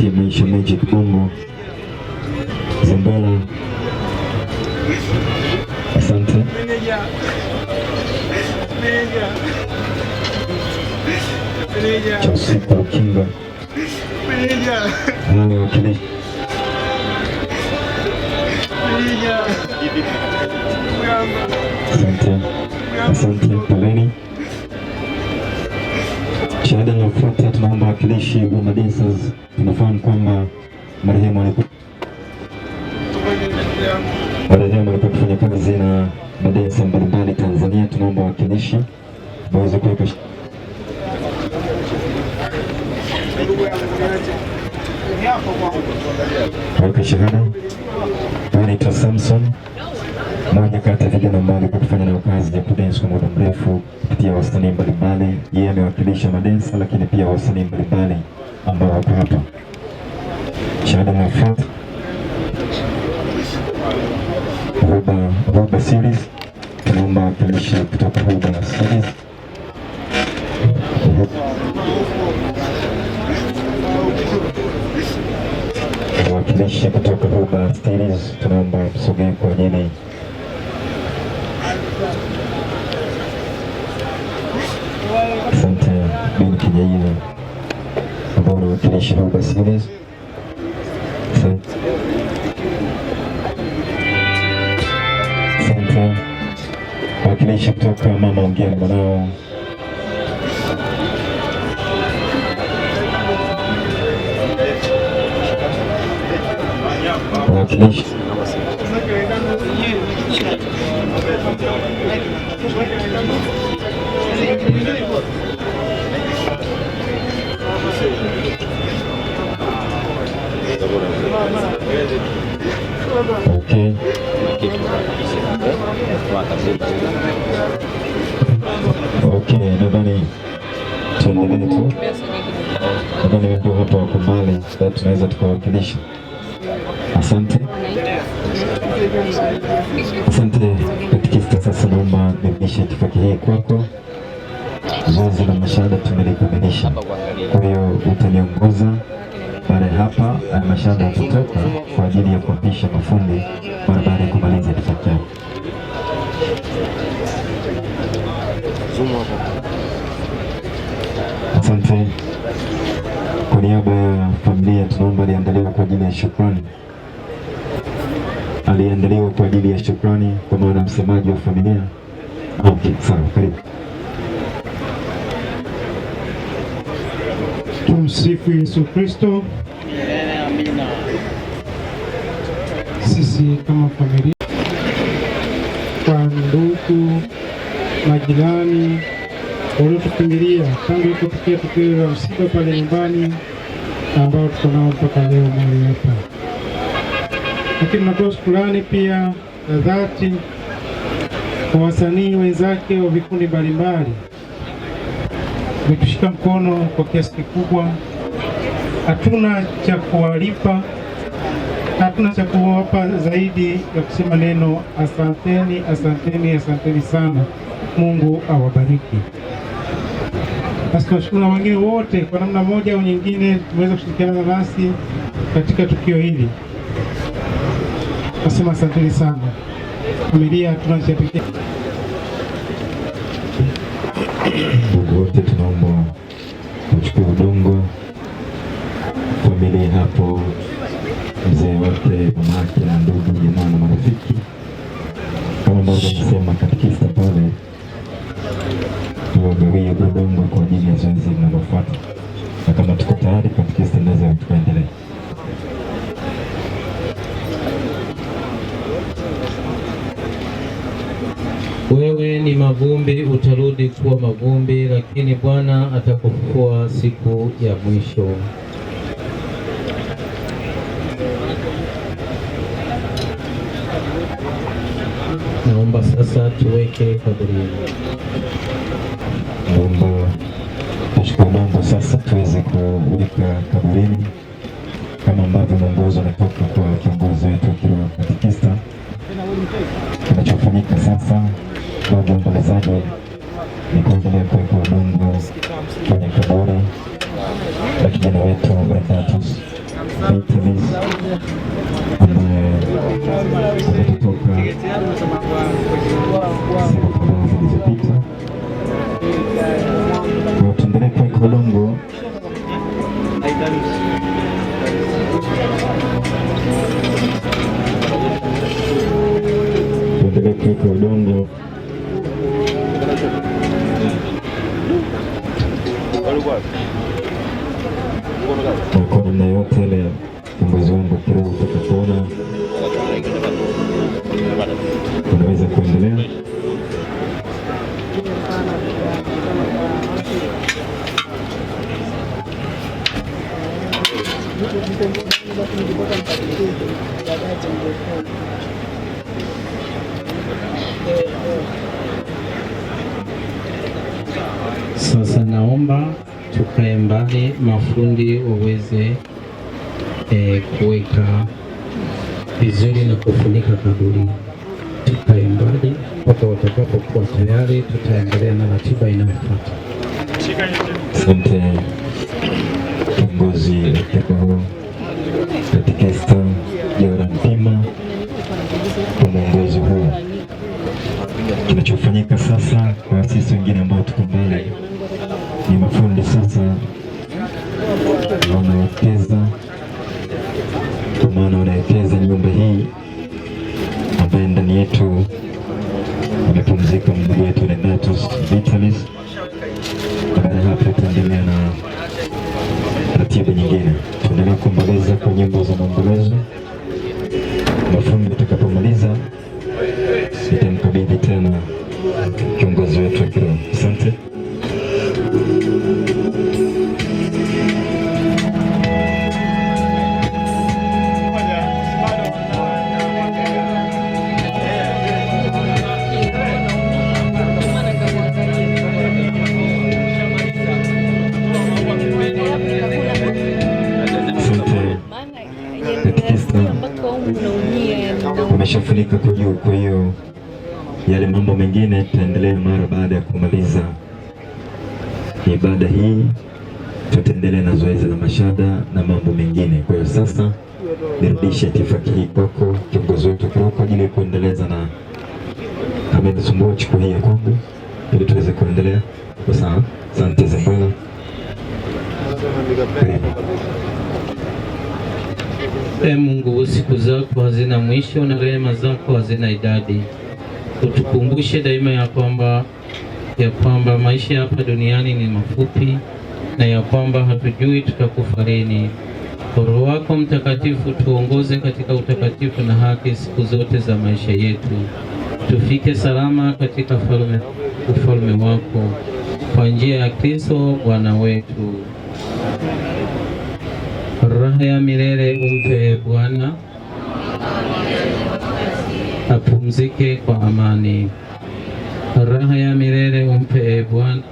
mwenyekiti Maisha Magic Bongo Zembela, asante. Ukinga asante, asante Shahada inayofuata tunaomba wakilishi wa madensas. Tunafahamu kwamba marehemu marehemu alikuwa akifanya kazi na madensa mbalimbali Tanzania. Tunaomba wakilishi waweze kuweka weka shahada. Anaitwa Samson moja kati ya vijana ambao alikuwa akifanya nayo kazi ya kudensi kwa muda mrefu kupitia wasanii mbalimbali. Yeye amewakilisha madensa, lakini pia wasanii mbalimbali ambao wako hapa. Shahada Mafat Ruba, Ruba series tunaomba wakilishi kutoka Ruba series wakilishi kutoka Ruba series tunaomba msogee kwa ajili Sente Bilkiye'yi Bunu finishing Basilis Sente Wakilishi kutoka mama mgeni mwanao Wakilishi Okay, nadhani tuendelee tu, nadhani wimbo hapa wako mbali, tunaweza tukawakilisha. Asante, asante katikista. Sasa naomba nimishe itifaki hii kwako. Zoezi la mashahada tumelikamilisha, kwa hiyo utaniongoza baada ya hapa mashahada yatatoka kwa ajili ya kuapisha mafundi mara baada ya kumaliza itifaki. Zumu hapa. Asante. Kwa niaba ya familia tunaomba aliandaliwa kwa ajili ya shukrani, aliandaliwa kwa ajili ya shukrani, kwa maana msemaji wa familia. Okay, sawa, karibu. Tumsifu Yesu Kristo. Sisi kama familia kwa ndugu majirani waliotukimbilia tangu ilipotokea tukio la msiba pale nyumbani ambao tuko nao mpaka leo mahali hapa. Lakini natoa shukurani pia za dhati kwa wasanii wenzake wa vikundi mbalimbali, wametushika mkono kwa kiasi kikubwa. Hatuna cha kuwalipa, hatuna cha kuwapa zaidi ya kusema neno asanteni, asanteni, asanteni sana. Mungu awabariki. Basi tunashukuru na wengine wote kwa namna moja au nyingine tumeweza kushirikiana nasi katika tukio hili, nasema asanteni sana familia, tunashabikia Mungu wote, tunaomba kuchukua udongo familia hapo, mzee wote, mamake na ndugu, jamaa na marafiki, kama ambavyo amesema katikista pale tuwagawie Ubungo kwa ajili ya zoezi linalofuata, na kama tuko tayari katika stendeza, tukaendelee. Wewe ni mavumbi, utarudi kuwa mavumbi, lakini Bwana atakufufua siku ya mwisho. Naomba sasa tuweke kadri. Naomba tuchukue mambo sasa tuweze kuweka kaburini kama ambavyo mwongozo natoka kwa kiongozi wetu akiwa katikista. Kinachofanyika sasa, ndugu mbelezaji, ni kuendelea kuweka udongo kwenye kaburi la kijana wetu Ignatius kuweka udongo kwa namna yote ile. Kiongozi wangu kidogo kuona unaweza kuendelea baadhi mafundi waweze e, eh, kuweka vizuri na kufunika kaburi tukaimbali mpaka watakapokuwa tayari, tutaendelea na ratiba inayofuata. Asante kiongozi atakao katika jao Mpima kwa mwongozi huu. Kinachofanyika sasa kwa sisi wengine ambao tuko mbele ni mafundi sasa unawekeza, kwa maana unawekeza nyumba hii ambaye ndani yetu amepumzika mdugu wetu Deodatus Vitalis. Baada ya hapo, tuendelea na ratiba nyingine, tuendelea kuomboleza kwa nyimbo za maombolezo. Mafundi atakapomaliza, nitamkabidhi tena kiongozi wetu kufunika kwa juu. Kwa hiyo yale mambo mengine tutaendelea mara baada ya kumaliza ibada hii, tutaendelea na zoezi la mashada na mambo mengine. Kwa hiyo sasa nirudishe itifaki hii kwako, kiongozi wetu Kiroko, kwa ajili ya kuendeleza na amenisumbua. Chukua hii ya kwangu ili tuweze kuendelea. Sawa, asante sana. E Mungu, siku zako hazina mwisho na rehema zako hazina idadi. Utukumbushe daima ya kwamba ya kwamba maisha hapa duniani ni mafupi na ya kwamba hatujui tutakufa lini. Roho wako Mtakatifu tuongoze katika utakatifu na haki siku zote za maisha yetu, tufike salama katika ufalme wako kwa njia ya Kristo Bwana wetu. Raha ya milele umpe Bwana, apumzike kwa amani. Raha ya milele umpe Bwana